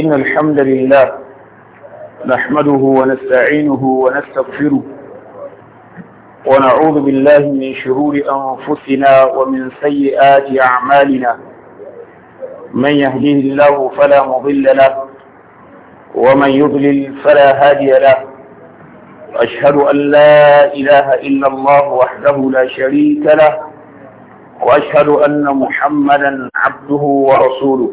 إن الحمد لله نحمده ونستعينه ونستغفره ونعوذ بالله من شرور أنفسنا ومن سيئات أعمالنا من يهديه الله فلا مضل له ومن يضلل فلا هادي له أشهد أن لا إله إلا الله وحده لا شريك له وأشهد أن محمدا عبده ورسوله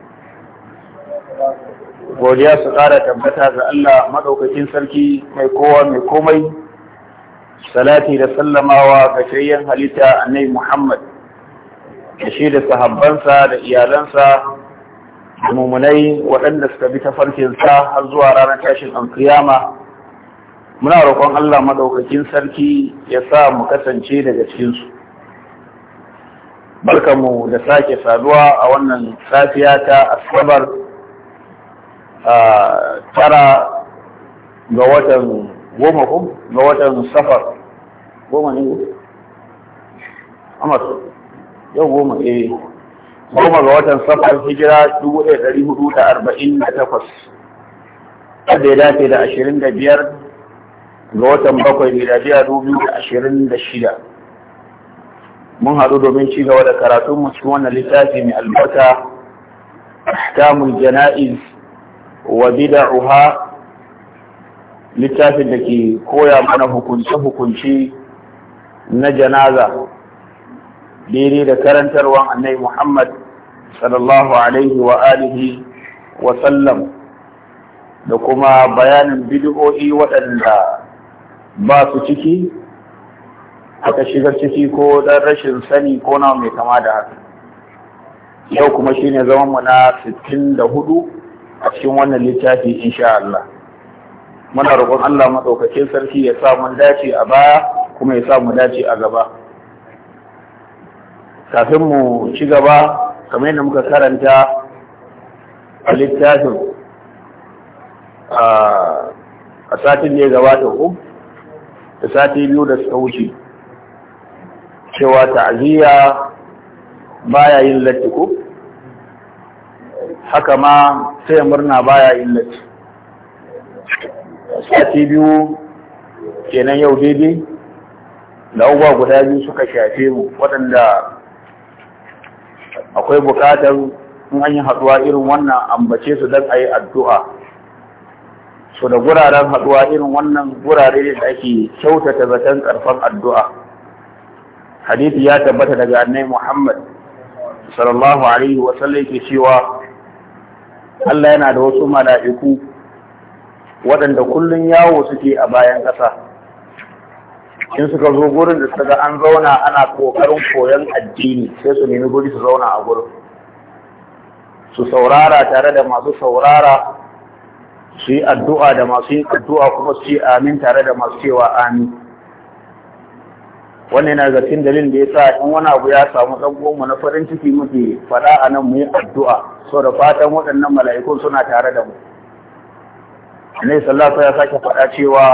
godiya su ƙara tabbata ga Allah maɗaukakin sarki mai kowa mai komai salati da sallamawa ga shayyan halitta annai Muhammad da shi da sahabbansa da iyalansa da mummunai waɗanda suka bi ta tafarkinsa har zuwa ranar tashin kiyama muna roƙon Allah maɗaukakin sarki ya sa mu kasance daga cikinsu mu da sake saduwa a wannan safiya ta asabar tara ga watan goma ko ga watan safar goma ne amur yau goma ne eh. goma ga watan safar hijira 1448 wadda ya dace da 25 ga watan bakwai da 2026 mun haɗu domin ci gaba da karatun mu cikin littafi mai albarka ahkamul jana'iz wa Uha, littafin da ke koya mana hukunce-hukunce na janaza daidai da karantarwan annai Muhammad sallallahu alaihi wa alihi wa sallam da kuma bayanin bid'o'i waɗanda ba su ciki aka shigar ciki ko ɗan rashin sani ko na mai kama da haka yau kuma shine zamanmu na 64 a cikin wannan littafi insha Allah muna roƙon Allah maɗaukakin sarki ya sa mun dace a baya kuma ya sa mu dace a gaba kafin mu ci gaba kamar yadda muka karanta a littafin a satin da ya gabata ku da sati biyu da suka wuce cewa ta'aziyya baya yin latti haka ma taya murna baya illaci sati biyu kenan yau daidai da abubuwa guda biyu suka shafe mu waɗanda akwai buƙatar in an yi haɗuwa irin wannan ambace su don a addu'a so da guraren haɗuwa irin wannan gurare da ake kyautata zaton ƙarfan addu'a hadisi ya tabbata daga annai muhammad sallallahu alaihi wasallam ke cewa Allah yana da wasu mala'iku waɗanda kullum yawo suke a bayan ƙasa in suka zo gurin da suka an zauna ana ƙoƙarin koyon addini sai su nemi guri su zauna a gurin su saurara tare da masu saurara su yi addu'a da masu yin addu'a kuma su yi amin tare da masu cewa amin wannan yana zartin dalilin da ya sa in wani abu ya samu ɗan mu na farin ciki muke faɗa a nan mu yi addu'a da fatan waɗannan mala'ikun suna tare da mu ne sallasa ya sake faɗa cewa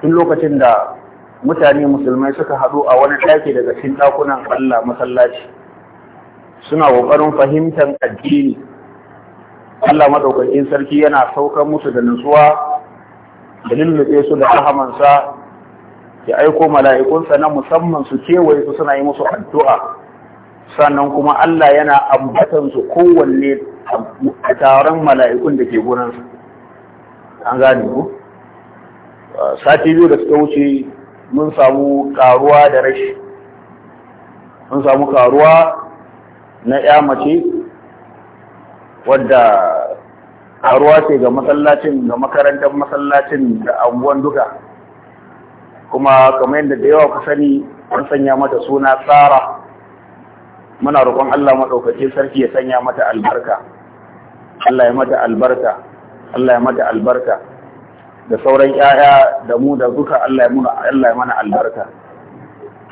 tun lokacin da mutane musulmai suka haɗu a wani ɗaki daga cikin ɗakunan Allah masallaci suna ƙoƙarin fahimtar addini Allah maɗaukakin sarki yana saukar musu da nutsuwa da lullube su da rahamansa ya aiko mala'ikunsa na musamman su kewaye su suna yi musu addu'a sannan kuma Allah yana ambatan su kowanne a taron mala'ikun da ke gurinsa an gane ku sati biyu da suka wuce mun samu karuwa da rashi mun samu karuwa na ya mace wadda karuwa ce ga masallacin ga makarantar masallacin da anguwan duka kuma kamar yadda da yawa ku sani an sanya mata suna tsara muna roƙon Allah maɗaukaki sarki ya sanya mata albarka Allah ya mata albarka Allah ya mata albarka da sauran 'ya'ya da mu da duka Allah ya muna Allah ya mana albarka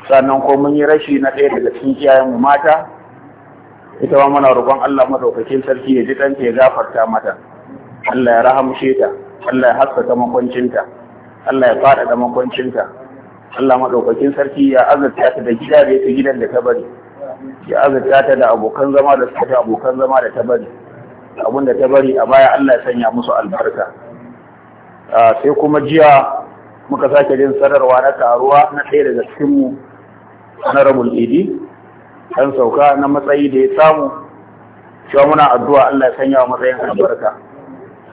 sannan ko mun yi rashi na ɗaya daga cikin iyayen mu mata ita ma muna roƙon Allah maɗaukacin sarki ya ji ɗanta ya gafarta mata Allah ya rahamshe ta Allah ya haskaka makwancinta Allah ya da makwancinta Allah maɗaukakin sarki ya azurta ta da gida da yake gidan da ta bari ya azurta ta da abokan zama da suka ta abokan zama da ta bari abin da ta bari a baya Allah ya sanya musu albarka sai kuma jiya muka sake jin sanarwa na taruwa na ɗaya daga cikinmu rabul idi ɗan sauka na matsayi da ya samu cewa muna addu'a Allah ya sanya wa matsayin albarka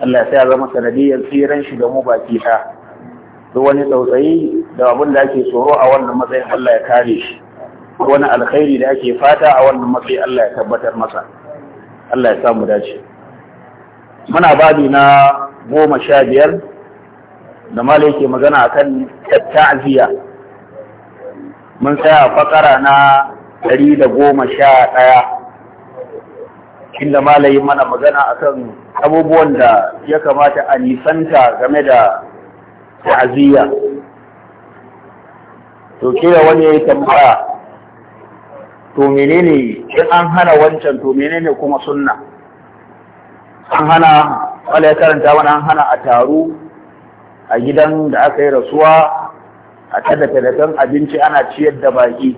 Allah ya sa ya zama sanadiyar tsiran shi da mu baki ta duk wani tsautsayi da abin da ake tsoro a wannan matsayin Allah ya kare shi wani alkhairi da ake fata a wannan matsayin, Allah ya tabbatar masa Allah ya samu dace muna babi na goma sha biyar da malai yake magana akan ta'ziya mun tsaya fakara na ɗari da goma sha ɗaya inda malai mana magana akan abubuwan da ya kamata a nisanta game da ta'aziyya to kira wani ya yi tambaya to menene in an hana wancan to menene kuma sunna an hana wala ya karanta mana an hana a taru a gidan da aka yi rasuwa a tada tadatan abinci ana ciyar da baki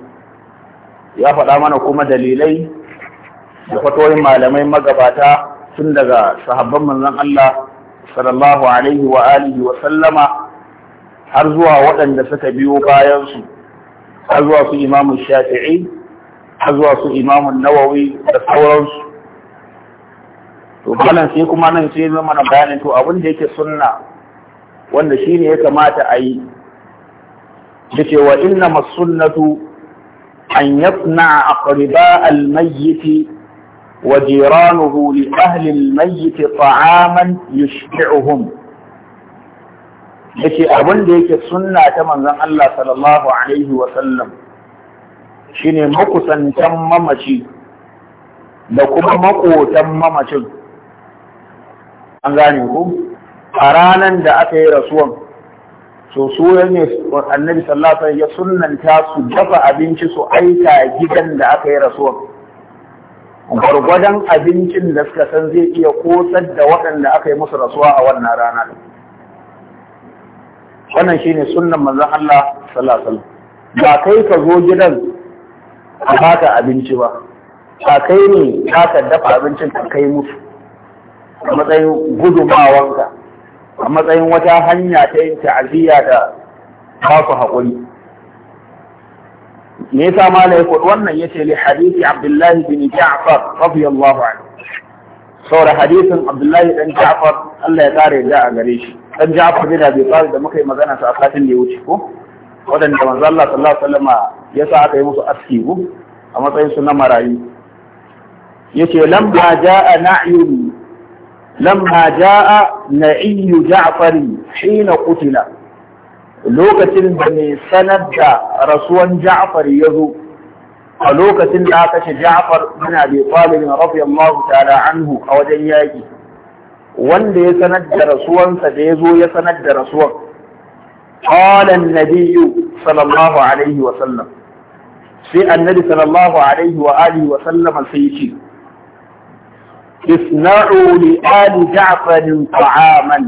ya faɗa mana kuma dalilai da fatoyin malamai magabata tun daga sahabban manzon Allah sallallahu alaihi wa alihi wa sallama har zuwa waɗanda suka biyo bayansu har zuwa su imamun shafi'i har zuwa su imamun nawawi da sauransu to malam sai kuma nan sai zama na bayanin to abin da yake sunna wanda shi ne ya kamata a yi yace wa inna masunnatu an yasna aqriba al-mayyit wa jiranuhu li ahli al-mayyit ta'aman yushbi'uhum yace abin da yake sunna ta manzon Allah sallallahu alaihi wa sallam shine makusantan mamaci da kuma makotan mamacin an gane ku a ranan da aka yi rasuwan so su ne annabi sallallahu alaihi ya sunnanta su dafa abinci su aika gidan da aka yi rasuwan gwargwadon abincin da suka san zai iya kosar da waɗanda aka yi musu rasuwa a wannan rana wannan shine sunnan manzon Allah sallallahu alaihi ba kai ka zo gidan a baka abinci ba ba kai ne ka dafa abincin ka kai musu a matsayin gudumawanka a matsayin wata hanya ta yin ta'aziyya da ba ku haƙuri me yasa malai ko wannan yace li hadisi Abdullahi bin Ja'far radiyallahu anhu saura hadisin Abdullahi dan Ja'far Allah ya kare da a gare shi dan Ja'far bin Abi Talib da muka yi magana sa a satin da ya wuce ko wadanda manzo Allah sallallahu alaihi wasallam ya sa aka yi musu aski a matsayin su na marayu yace lamma ja'a na'yun lamma ja'a na'iy Ja'far hina qutila lokacin da mai sanar da rasuwan Ja'far ya zo a lokacin da aka kashe Ja'far bin Abi Talib radiyallahu ta'ala anhu a wajen yaki wanda ya sanar da rasuwansa da ya zo ya sanar da rasuwan qala an-nabiy sallallahu alaihi wa sallam sai annabi sallallahu alaihi wa alihi wa sallam sai ce isna'u li ali ja'far ta'aman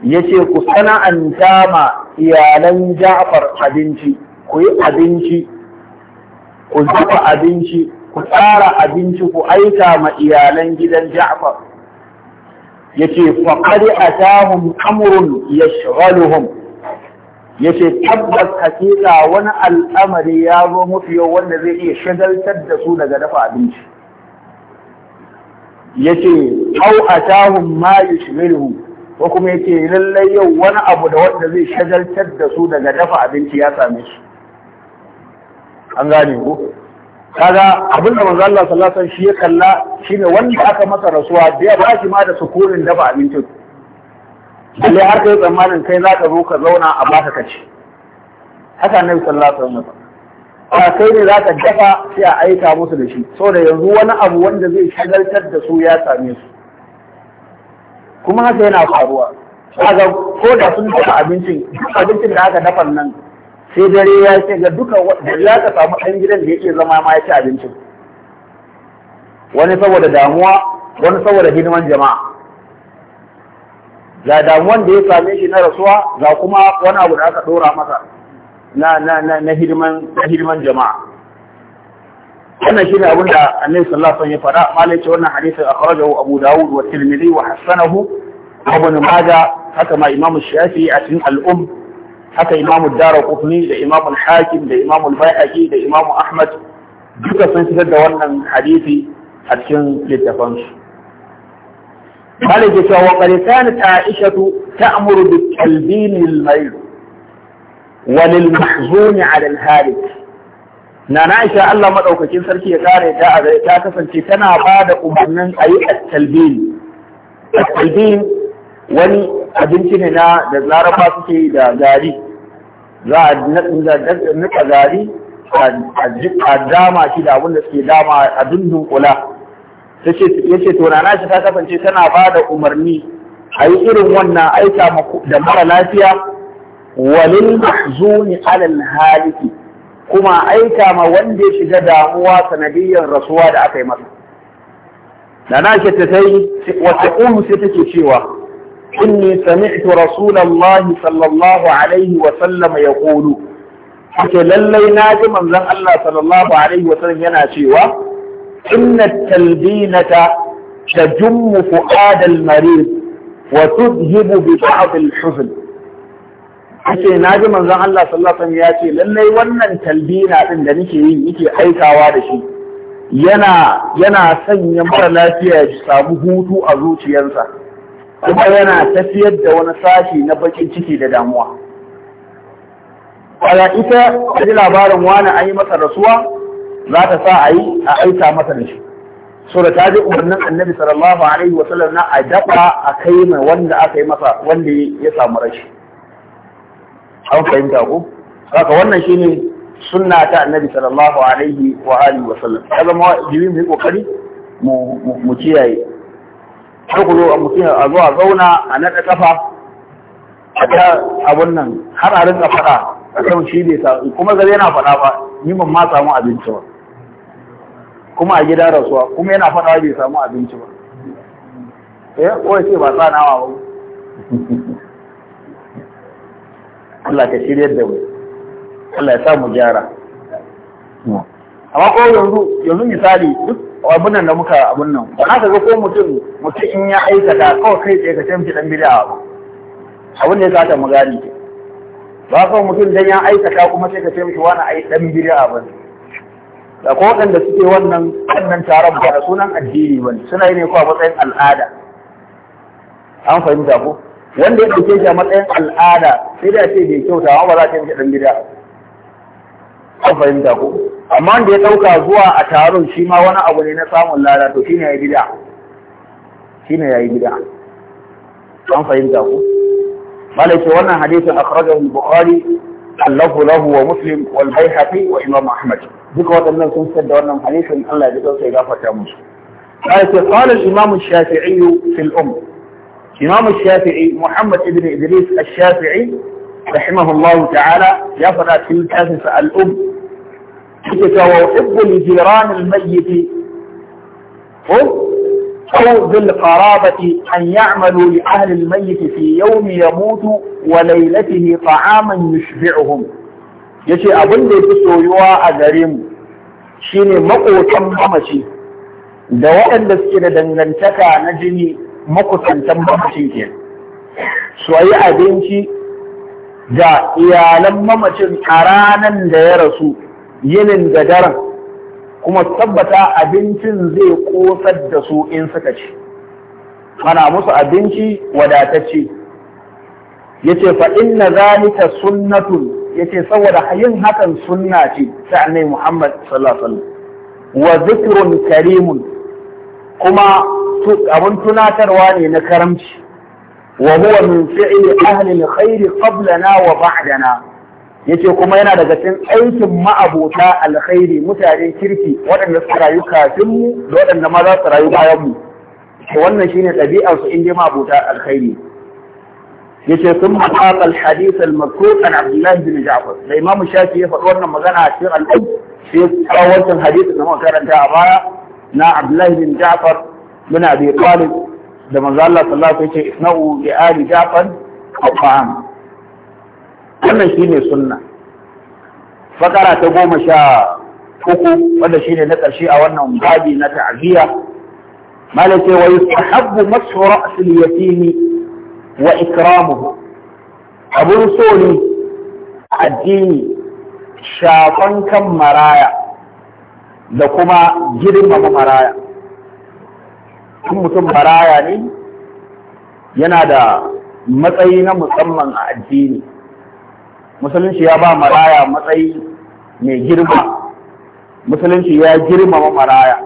yace ku sana'anta ma iyalan Ja'far abinci ku yi abinci ku zuba abinci ku tsara abinci ku aika ma iyalan gidan Ja'far yace faqad atahum amrun yashghaluhum yace tabbas hakika wani al'amari ya zo mafi yau wanda zai iya shagaltar da su daga dafa abinci yace au atahum ma yushghiluhum ko kuma yace lallai yau wani abu da wanda zai shagaltar da su daga dafa abinci ya same su an gane ko kaga abinda manzo Allah sallallahu alaihi wasallam shi ya kalla shine wanda aka masa rasuwa da ya bashi ma da sukurin dafa abincin balle har kai tsammanin kai za ka zo ka zauna a baka kaci haka annabi sallallahu alaihi wasallam ba kai ne za ka dafa sai a aika musu da shi saboda yanzu wani abu wanda zai shagaltar da su ya same su kuma haka yana faruwa kaga ko da sun dafa abincin abincin da aka dafa nan sai dare ya ce ga duka ya ka samu ɗan gidan da yake zama ma ya ci abincin wani saboda damuwa wani saboda hidiman jama'a ga damuwan da ya same shi na rasuwa ga kuma wani abu da aka ɗora masa na na na hidiman jama'a wannan shine abin da Annabi sallallahu alaihi wasallam ya faɗa malai ce wannan hadisi akhrajahu Abu Dawud wa Tirmidhi wa hasanahu Abu Majah haka ma Imam Shafi'i a cikin al-Umm haka imamu dara kufni da imamu hakim da imamu bai'aki da imamu ahmad duka sun fitar da wannan hadisi a cikin littafansu malaka cewa wa qalitan ta'ishatu ta'muru bi talbin al mayl wa lil mahzun 'ala al halik na na aisha Allah madaukakin sarki ya kare ta a ta kasance tana ba da umarnin ayi at talbin at wani abinci ne na da laraba suke da gari za a nika gari a dama shi da abin da suke dama a dundun kula ya ce to na shi ta kasance tana ba da umarni a yi irin wannan aika da mara lafiya walil zuni alal haliki kuma aika ma wanda ya shiga damuwa sanadiyyar rasuwa da aka yi masa da na ce ta sai wata umu sai take cewa إني سمعت رسول الله صلى الله عليه وسلم يقول حكي للي ناجي من ذن الله صلى الله عليه وسلم يناشيوا إن التلبينة تجم فؤاد المريض وتذهب ببعض الحزن ake na ji manzon Allah sallallahu alaihi ya ce lallai wannan talbina din da nake yi nake aikawa da shi yana yana sanya mara lafiya ya samu hutu a zuciyarsa kuma yana tafiyar da wani sashi na bakin ciki da damuwa kwaya ita ta ji labarin wani an yi masa rasuwa za ta sa a yi a aita masa da shi so da ta ji umarnin annabi sallallahu alaihi wasallam na a dafa a kai mai wanda aka yi masa wanda ya samu rashi an fahimta ko Saka wannan shi ne sunna ta annabi sallallahu alaihi wa alihi wasallam ya zama jibi mu yi kokari mu kiyaye har ku zo a mutum a zo a zauna a naɗa kafa a ta abin nan har a rinka faɗa a kan shi bai sa kuma zai yana faɗa ba ni ban ma samu abinci ba kuma a gida rasuwa kuma yana faɗa bai samu abinci ba eh kawai ce ba sa nawa ba Allah ka shirya da mu Allah ya sa mu gyara hmm. amma ko yanzu yanzu misali duk abunan da muka abin nan ba ka ga ko mutum mutum in ya aikata kawai kai tsaye ka tamfi dan bid'a ba abun da ya kata mu gani ke ba kawai mutum dan ya aikata kuma sai ka tamfi wani ai dan bid'a ba da ko waɗanda suke wannan wannan taron ba da sunan addini ba suna yi ne ko a matsayin al'ada an fahimta ko wanda ya ɗauke shi a matsayin al'ada sai da ce bai kyauta amma ba za ta yi dan bid'a an fahimta ko amma wanda ya ɗauka zuwa a taron shi ma wani abu ne na samun lada to shine yayi bid'a shine yayi bid'a an fahimta ko malai ce wannan hadisin akhrajahu al-bukhari allahu lahu wa muslim wal bayhaqi wa imam ahmad duka waɗannan sun fitar da wannan hadisin Allah ya dauke gafarta musu malai ce qala al-imam ash-shafi'i fi al-umm imam shafii fi al umm imam ash shafii muhammad ibn idris al shafii rahimahullahu ta'ala ya fada cikin tafsir al-umm yake cewa ibbul jiran al-mayyit ko أو ya القرابة أن يعملوا لأهل الميت في يوم يموت وليلته طعاما يشبعهم yace abin da yafi soyuwa a gare mu shine maƙotan mamaci da waɗanda suke da dangantaka na jini makusantan mamacin ke su yi abinci da iyalan mamacin a ranan da ya rasu yinin da daren kuma tabbata abincin zai kosar da su in suka ci mana musu abinci wadatacce yace fa inna zalika sunnatun yace saboda yin hakan sunna ce ta annabi Muhammad sallallahu alaihi wa zikrun karimun kuma abin tunatarwa ne na karamci wa huwa min fi'li ahli al-khair qablana wa ba'dana yace kuma yana daga cikin aikin ma'abota alkhairi mutanen kirki waɗanda suka rayu kafin mu da waɗanda ma za su rayu bayan mu to wannan shine ɗabi'ar su in dai ma'abota alkhairi yace sun maqal al almakruh an abdullah bin ja'far da imam shafi ya faɗi wannan magana a cikin al'um sai kawancin hadith da muka karanta a baya na abdullah bin ja'far bin abi talib da manzo Allah sallallahu alaihi wasallam yace isna'u li ali ja'far al-qa'am wannan shine sunna bakara ta goma sha uku wanda shine na ƙarshe a wannan babi na ta'ziya malaka wa yusahabbu masu ra's al wa ikramuhu abun so ne addini shafan kan maraya da kuma girmama maraya tun mutum maraya ne yana da matsayi na musamman a addini musulunci ya ba maraya matsayi mai girma musulunci ya girmama maraya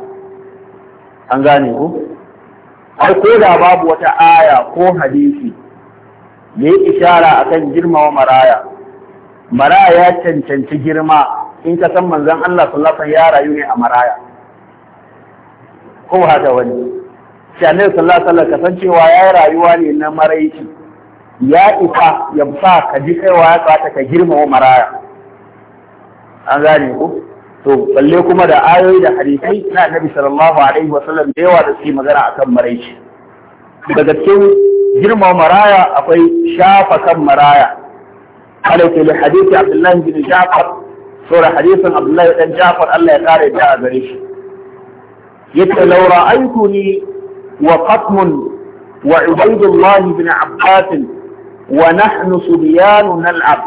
an gane ku ai ko da babu wata aya ko hadisi da ya ishara akan girmama maraya maraya ya cancanci girma in ka san manzon Allah sallallahu alaihi ya rayu ne a maraya ko haka wani sai ne sallallahu alaihi wasallam kasancewa ya rayuwa ne na maraici ya isa ya sa ka ji kaiwa ya tsata ka girmama maraya an gane ku to balle kuma da ayoyi da hadisai na annabi sallallahu alaihi wa sallam da yawa da suke magana akan maraici daga cikin girmama maraya akwai shafa kan maraya alaika li hadisi abdullahi bin ja'far sura hadisin abdullahi dan ja'far Allah ya kare ta a gare shi yace law ra'aytuni wa qatmun wa ubaydullah bin abbas wa nahnu subyanu nal'ab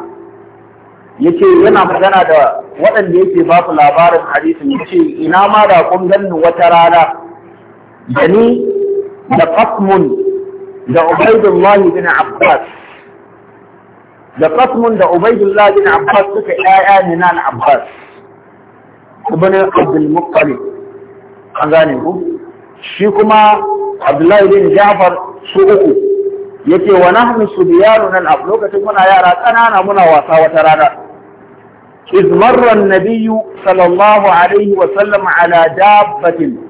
yace yana magana da waɗanda yake ba su labarin hadisin yace ina ma da kun ganni wata rana da ni da qasmun da ubaidullahi bin abbas da qasmun da ubaidullahi bin abbas suka yaya ne na abbas ibn abdul muttalib an gane ku shi kuma abdullahi bin ja'far su uku Yake wa nahnu nan ab lokacin muna yara kanana muna wasa wata rana iz marra an-nabiyyu sallallahu alaihi wa sallam ala dabbatin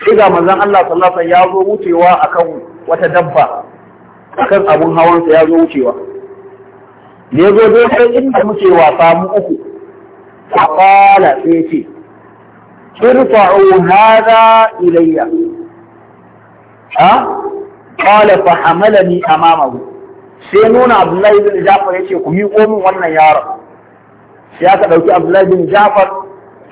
sai ga manzon Allah sallallahu alaihi ya zo wucewa akan wata dabba akan abun hawan sa ya zo wucewa ne zo dai sai inda muke wasa mu uku fa sai ce irfa'u hadha ilayya ha qala fa hamalani amamahu sai nuna abdullahi bin jafar ya ce ku miƙo min wannan yaron sai aka ɗauki abdullahi bin jafar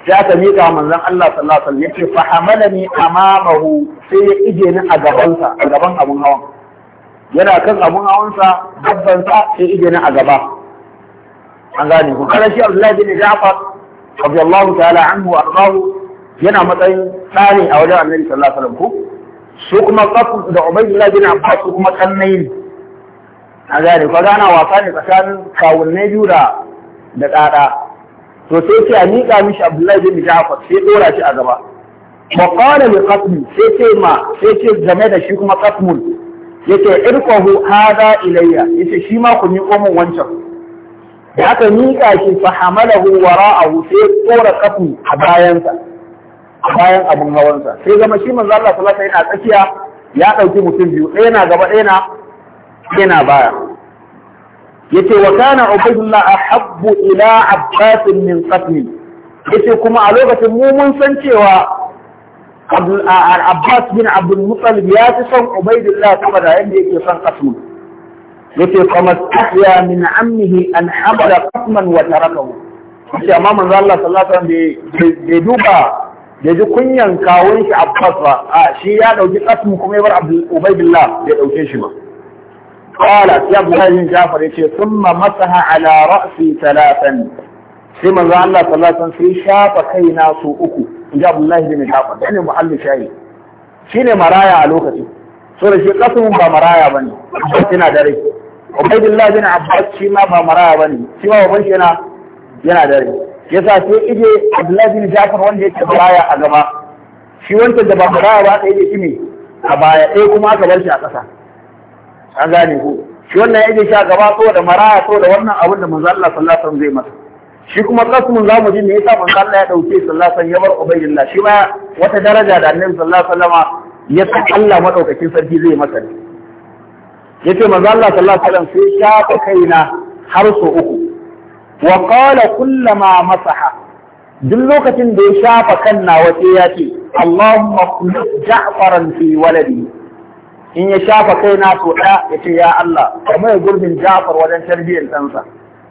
sai aka miƙa manzon Allah sallallahu alaihi wasallam yace fa hamalani amamahu sai ya ije ni a gabansa a gaban abun hawan yana kan abun hawansa sa sai ije ni a gaba an gane ku kana shi abdullahi bin jafar radiyallahu ta'ala anhu ardahu yana matsayin tsari a wajen annabi sallallahu alaihi wasallam ko su kuma kafu da ubaidullah bin ba su kuma kannai a gane kwa gana wasa ne tsakanin kawunan biyu da da tsada to sai ce a miƙa mishi abdullahi bin ja'far sai ɗora shi a gaba ba qala mai qasmi sai ce ma sai ce game da shi kuma ya ce irkwahu hada ilayya ce shi ma ku miƙo min wancan da aka miƙa shi fa hamalahu wara'ahu sai ɗora qasmi a bayansa bayan abin hawansa sai zama shi manzo Allah sallallahu alaihi yana tsakiya ya ɗauki mutum biyu ɗaya na gaba ɗaya na ɗaya baya yace wa kana ubaydullah ahabbu ila abbas min qatni yace kuma a lokacin mu mun san cewa Abbas bin Abdul Muttalib ya fi son Ubaidillah sama da yadda yake son Qasim yace kama tahya min ammihi an hamala qasman wa tarakahu yace amma manzo Allah sallallahu alaihi wasallam bai duba ya ji kunyan kawun shi Abbas ba a shi ya dauki kasmu kuma ya bar Ubaydillah ya dauke shi ma qala sai Abdullahi bin Jafar yace thumma masaha ala ra'si talatan sai manzo Allah sallallahu alaihi wasallam sai shafa kaina su uku in ji Abdullahi bin Jafar dane muhallu shayi shine maraya a lokacin so da shi kasmun ba maraya bane yana da rai Ubaydillah bin Abbas shi ma ba maraya bane shi ma baban shi yana yana dare. yasa sai ije Abdullahi bin Jafar wanda yake baraya a gaba shi wancan da ba baraya ba sai ije shi ne a baya ɗaya kuma aka bar shi a ƙasa an gane ku shi wannan ya ije shi a gaba to da maraya to da wannan abin da manzo Allah sallallahu alaihi wasallam zai masa shi kuma kasmun zamu ji ne yasa manzo Allah ya dauke sallallahu alaihi wasallam ya bar Ubaydillah shi ma wata daraja da Annabi sallallahu alaihi wasallam ya san Allah madaukakin sarki zai masa yace manzo Allah sallallahu alaihi wasallam sai ya shafa kaina har so uku wa qala kullama masaha duk lokacin da ya shafa kan nawa sai ya ce Allahumma khulus ja'faran fi waladi in ya shafa kai na ya ce ya Allah kamar gurbin ja'far wajen tarbiyyar ɗansa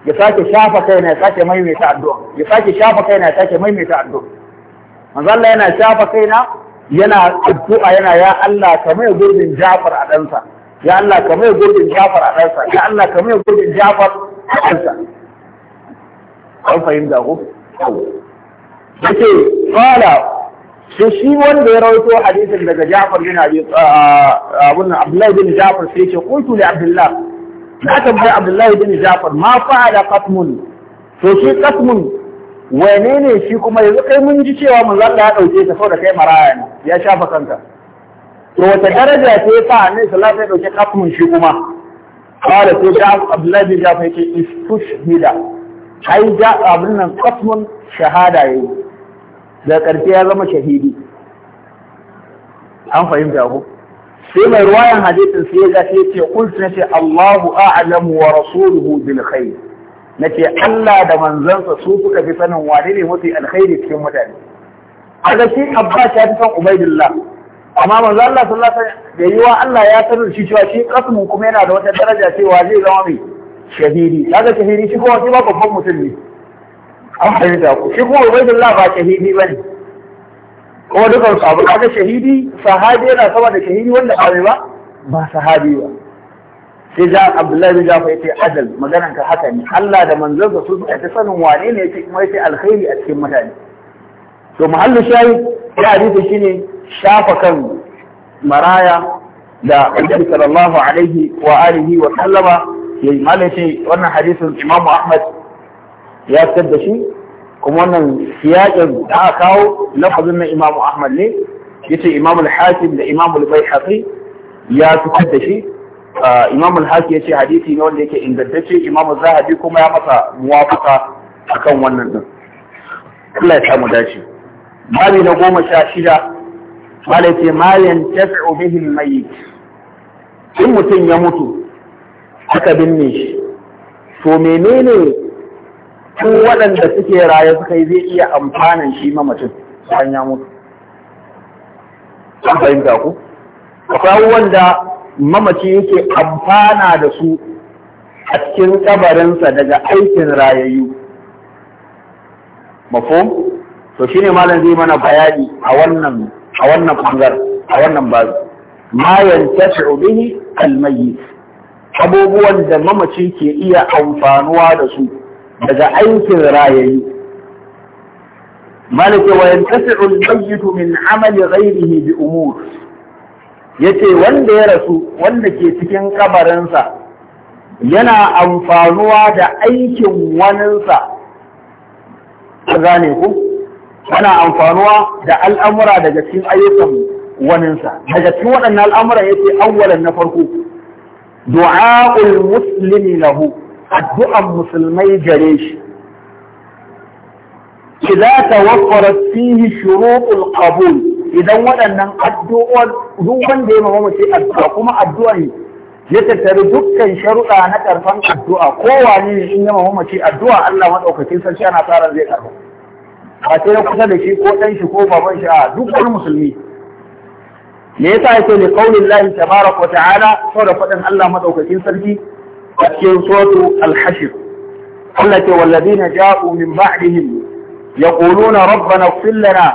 ya sake shafa kai ya sake maimaita addu'a ya sake shafa kai ya sake maimaita addu'a manzo yana shafa kai yana addu'a yana ya Allah kamar gurbin ja'far a ya Allah gurbin a ya Allah gurbin a an fahimta ko yace qala sai shi wanda ya rawaito hadisin daga Ja'far bin Abi abun Abdullah bin Ja'far sai ce, qultu li Abdullah na tambayi Abdullah bin Ja'far ma fa'ala qatmun to shi qatmun wane ne shi kuma yanzu kai mun ji cewa mun zalla ya dauke ta saboda kai maraya ne ya shafa kanka to wata daraja ce sa ne sallallahu alaihi wasallam ya dauke qatmun shi kuma qala sai Ja'far Abdullah bin Ja'far yace istushhida ai ja abin nan kasmun shahada yayi da ƙarfi ya zama shahidi an fahimta ko sai mai ruwayan hadisin sai ya ga sai ce ya nace Allahu a'lamu wa rasuluhu bil khair nace Allah da manzansa su suka fi sanin wane ne mafi alkhairi cikin mutane a ga shi Abbas ya fi san Ubaidillah amma manzo Allah sallallahu alaihi wasallam da yiwa Allah ya sanar shi cewa shi qasmun kuma yana da wata daraja cewa zai zama mai shahidi kaga shahidi shi kuma shi ba babban mutum ne an fahimta ku shi kuma ubaidullah ba shahidi ba ne? kuma dukan su abu kaga shahidi sahabi yana sama da shahidi wanda ba ba ba sahabi ba sai ja abdullahi bin jafa yace adal maganar ka haka ne Allah da manzansa su suka ta sanin wane ne yake kuma yace alkhairi a cikin mutane to mahallu shayi ya hadisi shine shafa kan maraya da annabi sallallahu alaihi wa alihi wa sallama yayi wannan hadisin imamu ahmad ya fitar da shi kuma wannan siyaƙin da aka kawo lafazin na imamu ahmad ne yace imamu al-hakim da imamu al haƙi ya fitar da shi imamu al-hakim yace hadisi ne wanda yake ingantacce imamu zahabi kuma ya masa muwafaqa akan wannan din Allah ya samu dace mali na goma sha shida malai ce malin tafi'u bihi mai. in mutum ya mutu aka binne shi to menene su waɗanda suke raye suka yi zai iya amfanin shi mamacin bayan ya mutu an fahimta ku akwai abubuwan da mamaci yake amfana da su a cikin kabarinsa daga aikin rayayyu Mafo? to shi ne malam zai mana bayani a wannan a wannan bangar a wannan bazu ma yantafi'u bihi al-mayyit abubuwan da mamaci ke iya amfanuwa da su daga aikin rayayi malaka wa yantasi'u al-mayyitu min amali ghayrihi bi umur yace wanda ya rasu wanda ke cikin kabarinsa yana amfanuwa da aikin waninsa gane ku yana amfanuwa da al'amura daga cikin ayyukan waninsa daga cikin waɗannan al'amura yace awwalan na farko du'a'ul muslimi lahu addu'an musulmai gare shi ta wakwara fihi shurutul qabul idan waɗannan addu'o'in duk wanda ya mamamu sai addu'a kuma addu'an ya tattari dukkan sharuɗa na karfan addu'a kowa ne in ya mamamu ce addu'a Allah madaukakin sarki ana tsara zai ƙarfa ba sai kusa da shi ko ɗan shi ko baban shi a duk wani musulmi me yasa yake ne qaulin lahi tabaaraka wa ta'ala saboda fadin Allah madaukakin sarki a cikin suratu al-hashr Allah ke walladina ja'u min ba'dihim yaquluna rabbana ighfir lana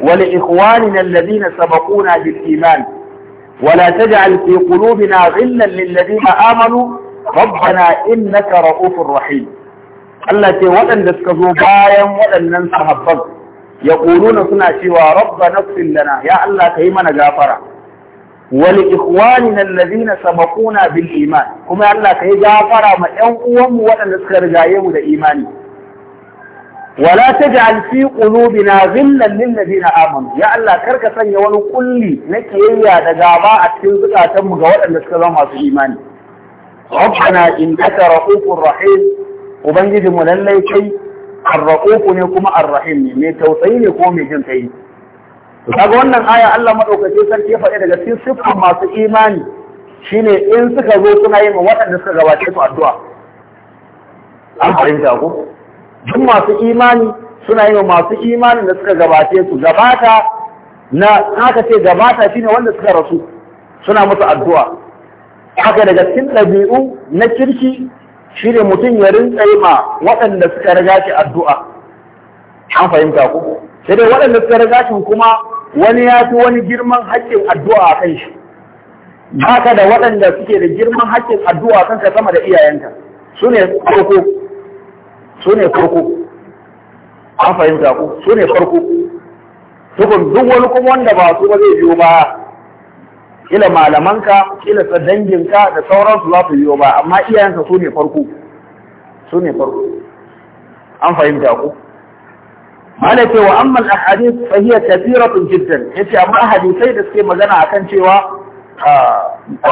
wa li ikhwanina alladhina sabaquna bil iman wa la taj'al fi qulubina ghillan lil ladina amanu rabbana innaka ra'ufur rahim Allah ce waɗanda suka zo bayan waɗannan sahabban yaquluna suna cewa "Rabba ighfir lana ya Allah yi mana gafara wa na ikhwanina alladhina sabaquna bil iman kuma Allah yi gafara ma yan uwanmu waɗanda suka rigaye mu da imani wala taj'al fi qulubina ghillan lil ladina amanu ya Allah karka sanya wani kulli na kiyayya da gaba a cikin zukatanmu ga waɗanda suka zama masu imani rabbana innaka ra'ufur rahim ubangijinmu lallai kai arra'uku ne kuma arrahim ne mai tausayi ne ko mai jin kai kaga wannan aya Allah madaukake sarki faɗi daga cikin siffan masu imani shine in suka zo suna yin waɗanda suka gabace su addu'a an fahimta ko duk masu imani suna yin masu imanin da suka gabace su gabata na haka ce gabata shine wanda suka rasu suna musu addu'a haka daga cikin ɗabi'u na kirki shi ne mutum ya rinka yi ma waɗanda suka raga shi addu'a an fahimta ku sai dai waɗanda suka raga shi kuma wani ya fi wani girman haƙƙin addu'a a kan shi haka da waɗanda suke da girman haƙƙin addu'a a kanka sama da iyayenka su ne farko su ne farko an fahimta ku su ne farko tukun duk wani kuma wanda ba su ba zai biyo baya. kila malamanka kila danginka da sauransu za su biyo ba amma iyayenka su ne farko su ne farko an fahimta ku malaka wa amma al-ahadith fa hiya kathiratun jiddan yace amma hadisai da suke magana akan cewa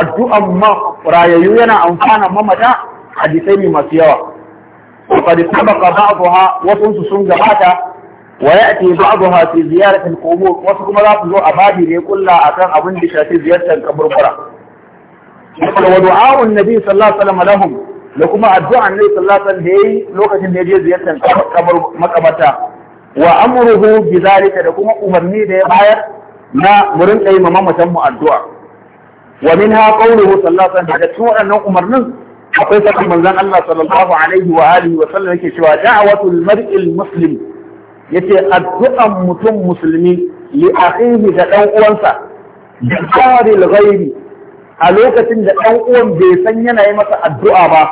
addu'an ma rayayyu yana amfana mamata hadisai ne masu yawa وقد سبق بعضها وصنص gabata. wa ya'ti ba'daha fi ziyarat al-qubur wasu kuma za su zo a babi ne kulla akan abin da shafi ziyartar kaburbura wa du'a annabi sallallahu alaihi wasallam lahum da kuma addu'a annabi sallallahu alaihi wasallam da lokacin da ya je ziyartar kabar makabata wa amruhu bi zalika da kuma umarni da ya bayar na mu rinka yi mamatan mu addu'a wa waɗannan umarnin akwai sabbin manzon Allah sallallahu alaihi wa alihi wa sallam yake cewa da'watul mar'il muslim yace addu'an mutum musulmi li akhihi da dan uwansa da qaril ghairi a lokacin da dan uwan bai san yana yi masa addu'a ba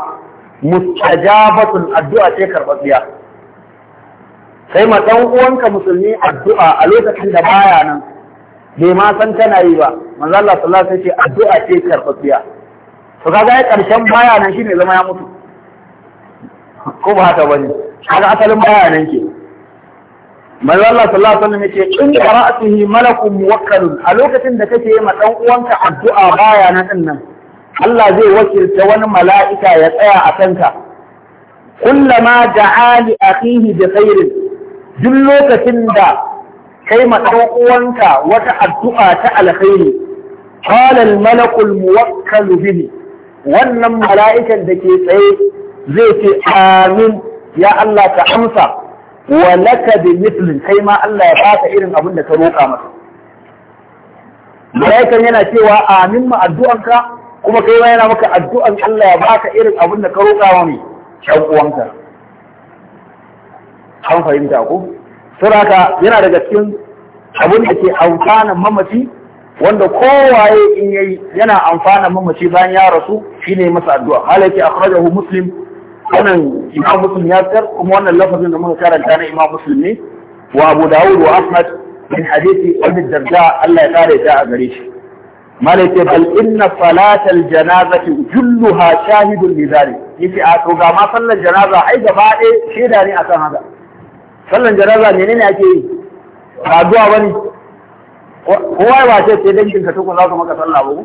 mustajabatun addu'a ce karbabiya sai ma dan uwanka musulmi addu'a a lokacin da baya nan bai ma san kana yi ba manzo Allah sallallahu alaihi wasallam ce addu'a ce karbabiya to kaga ai karshen baya nan shine zama ya mutu ko ba haka bane kaga asalin baya nan ke manzo Allah sallallahu alaihi wasallam yace in qara'atihi malakun muwakkalun a lokacin da kake yi ma dan uwanka addu'a baya na din nan Allah zai wakilta wani mala'ika ya tsaya a kanka kullama da'a li akhihi bi khairin duk lokacin da kai ma dan uwanka wata addu'a ta alkhairi qala al malaku al muwakkal bihi wannan mala'ikan da ke tsaye zai ce amin ya Allah ka amsa wa laka bi mithlin kai ma Allah ya baka irin abin da ka roƙa masa malaikan yana cewa amin ma addu'anka kuma kai ma yana maka addu'an Allah ya baka irin abin da ka roƙa wa mai ɗan uwanka an fahimta ko saboda yana daga cikin abin da ke amfanan mamaci wanda kowaye in yayi yana amfana mamaci bayan ya rasu shine masa addu'a malaki akhrajahu muslim wannan imam muslim ya tsar kuma wannan lafazin da muka karanta na imam muslim ne wa abu dawud wa ahmad min hadisi abi darda Allah ya kare ta a gare shi malaka bal inna salatal janazati kulluha shahidun li zalik yace a to ga ma sallar janaza ai gaba ɗaya shaida ne akan haka sallar janaza menene ake yi ba addu'a bane kowa ba ce sai dangin ka tukun za su maka sallah ba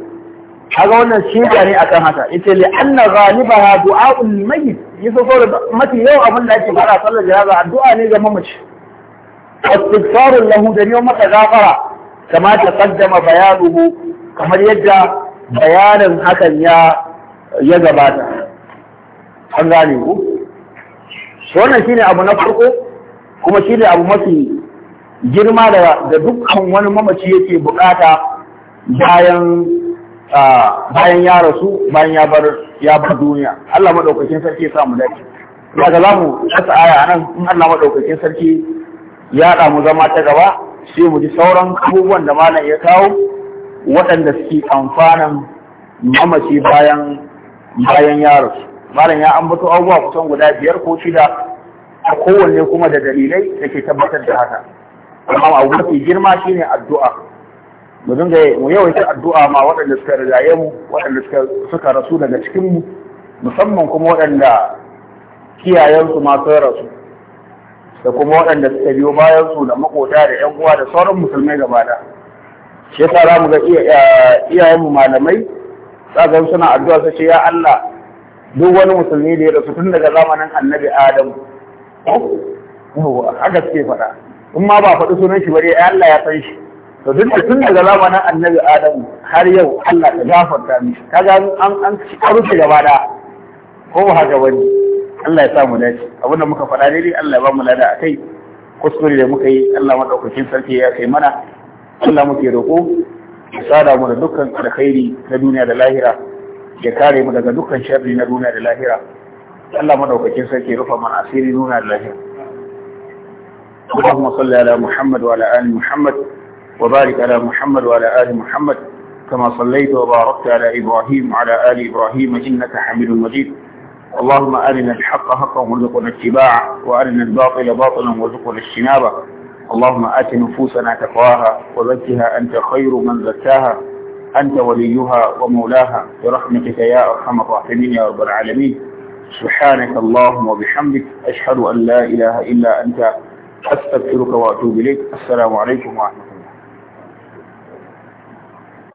kaga wannan shida ne akan haka yace li anna ghalibaha du'a'ul mayyit so da mafi yau abin da ake fara sallar jaraza addu'a ne ga mamaci istighfaru lahu da yau masa gafara kama ta qaddama bayanuhu kamar yadda bayanin hakan ya ya gabata an gane ku wannan shine abu na farko kuma shine abu mafi girma da dukkan wani mamaci yake bukata bayan bayan ya rasu bayan ya bar ya bar duniya Allah madaukakin sarki ya sa mu dace ya za mu kasa aya anan in Allah madaukakin sarki ya da mu zama ta gaba sai mu ji sauran abubuwan da malam ya kawo waɗanda suke amfanan mamaci bayan bayan ya rasu malam ya ambato abubuwa kusan guda biyar ko shida a kowanne kuma da dalilai da ke tabbatar da haka amma abu mafi girma shine addu'a mu dinga mu yawaita addu'a ma waɗanda suka rigaye mu waɗanda suka suka rasu daga cikin mu musamman kuma waɗanda kiyayensu ma sun rasu da kuma waɗanda suka biyo bayan su da makota da ƴan uwa da sauran musulmai gaba da shi yasa za mu ga iyayen mu malamai tsagan suna addu'a su ce ya Allah duk wani musulmi da ya rasu tun daga zamanin annabi Adam haka suke faɗa in ma ba faɗi sunan shi ba dai Allah ya san shi to duk da tun daga zamanin annabi adamu har yau Allah ta gafarta mishi ka gano an an ci karuce gaba da ko ba haka bane Allah ya sa mu dace abin da muka faɗa daidai Allah ya ba mu lada akai kuskure da muka yi Allah madaukakin sarki ya kai mana Allah muke roƙo ya sada mu da dukkan alkhairi na duniya da lahira ya kare mu daga dukkan sharri na duniya da lahira Allah madaukakin sarki ya rufa mana asiri duniya da lahira اللهم صل على محمد وعلى آل محمد وبارك على محمد وعلى آل محمد كما صليت وباركت على إبراهيم وعلى آل إبراهيم إنك حميد مجيد اللهم أرنا الحق حقا وارزقنا اتباعه وأرنا الباطل باطلا وارزقنا اجتنابه اللهم آت نفوسنا تقواها وزكها أنت خير من زكاها أنت وليها ومولاها برحمتك يا أرحم الراحمين يا رب العالمين سبحانك اللهم وبحمدك أشهد أن لا إله إلا أنت أستغفرك وأتوب إليك السلام عليكم ورحمة الله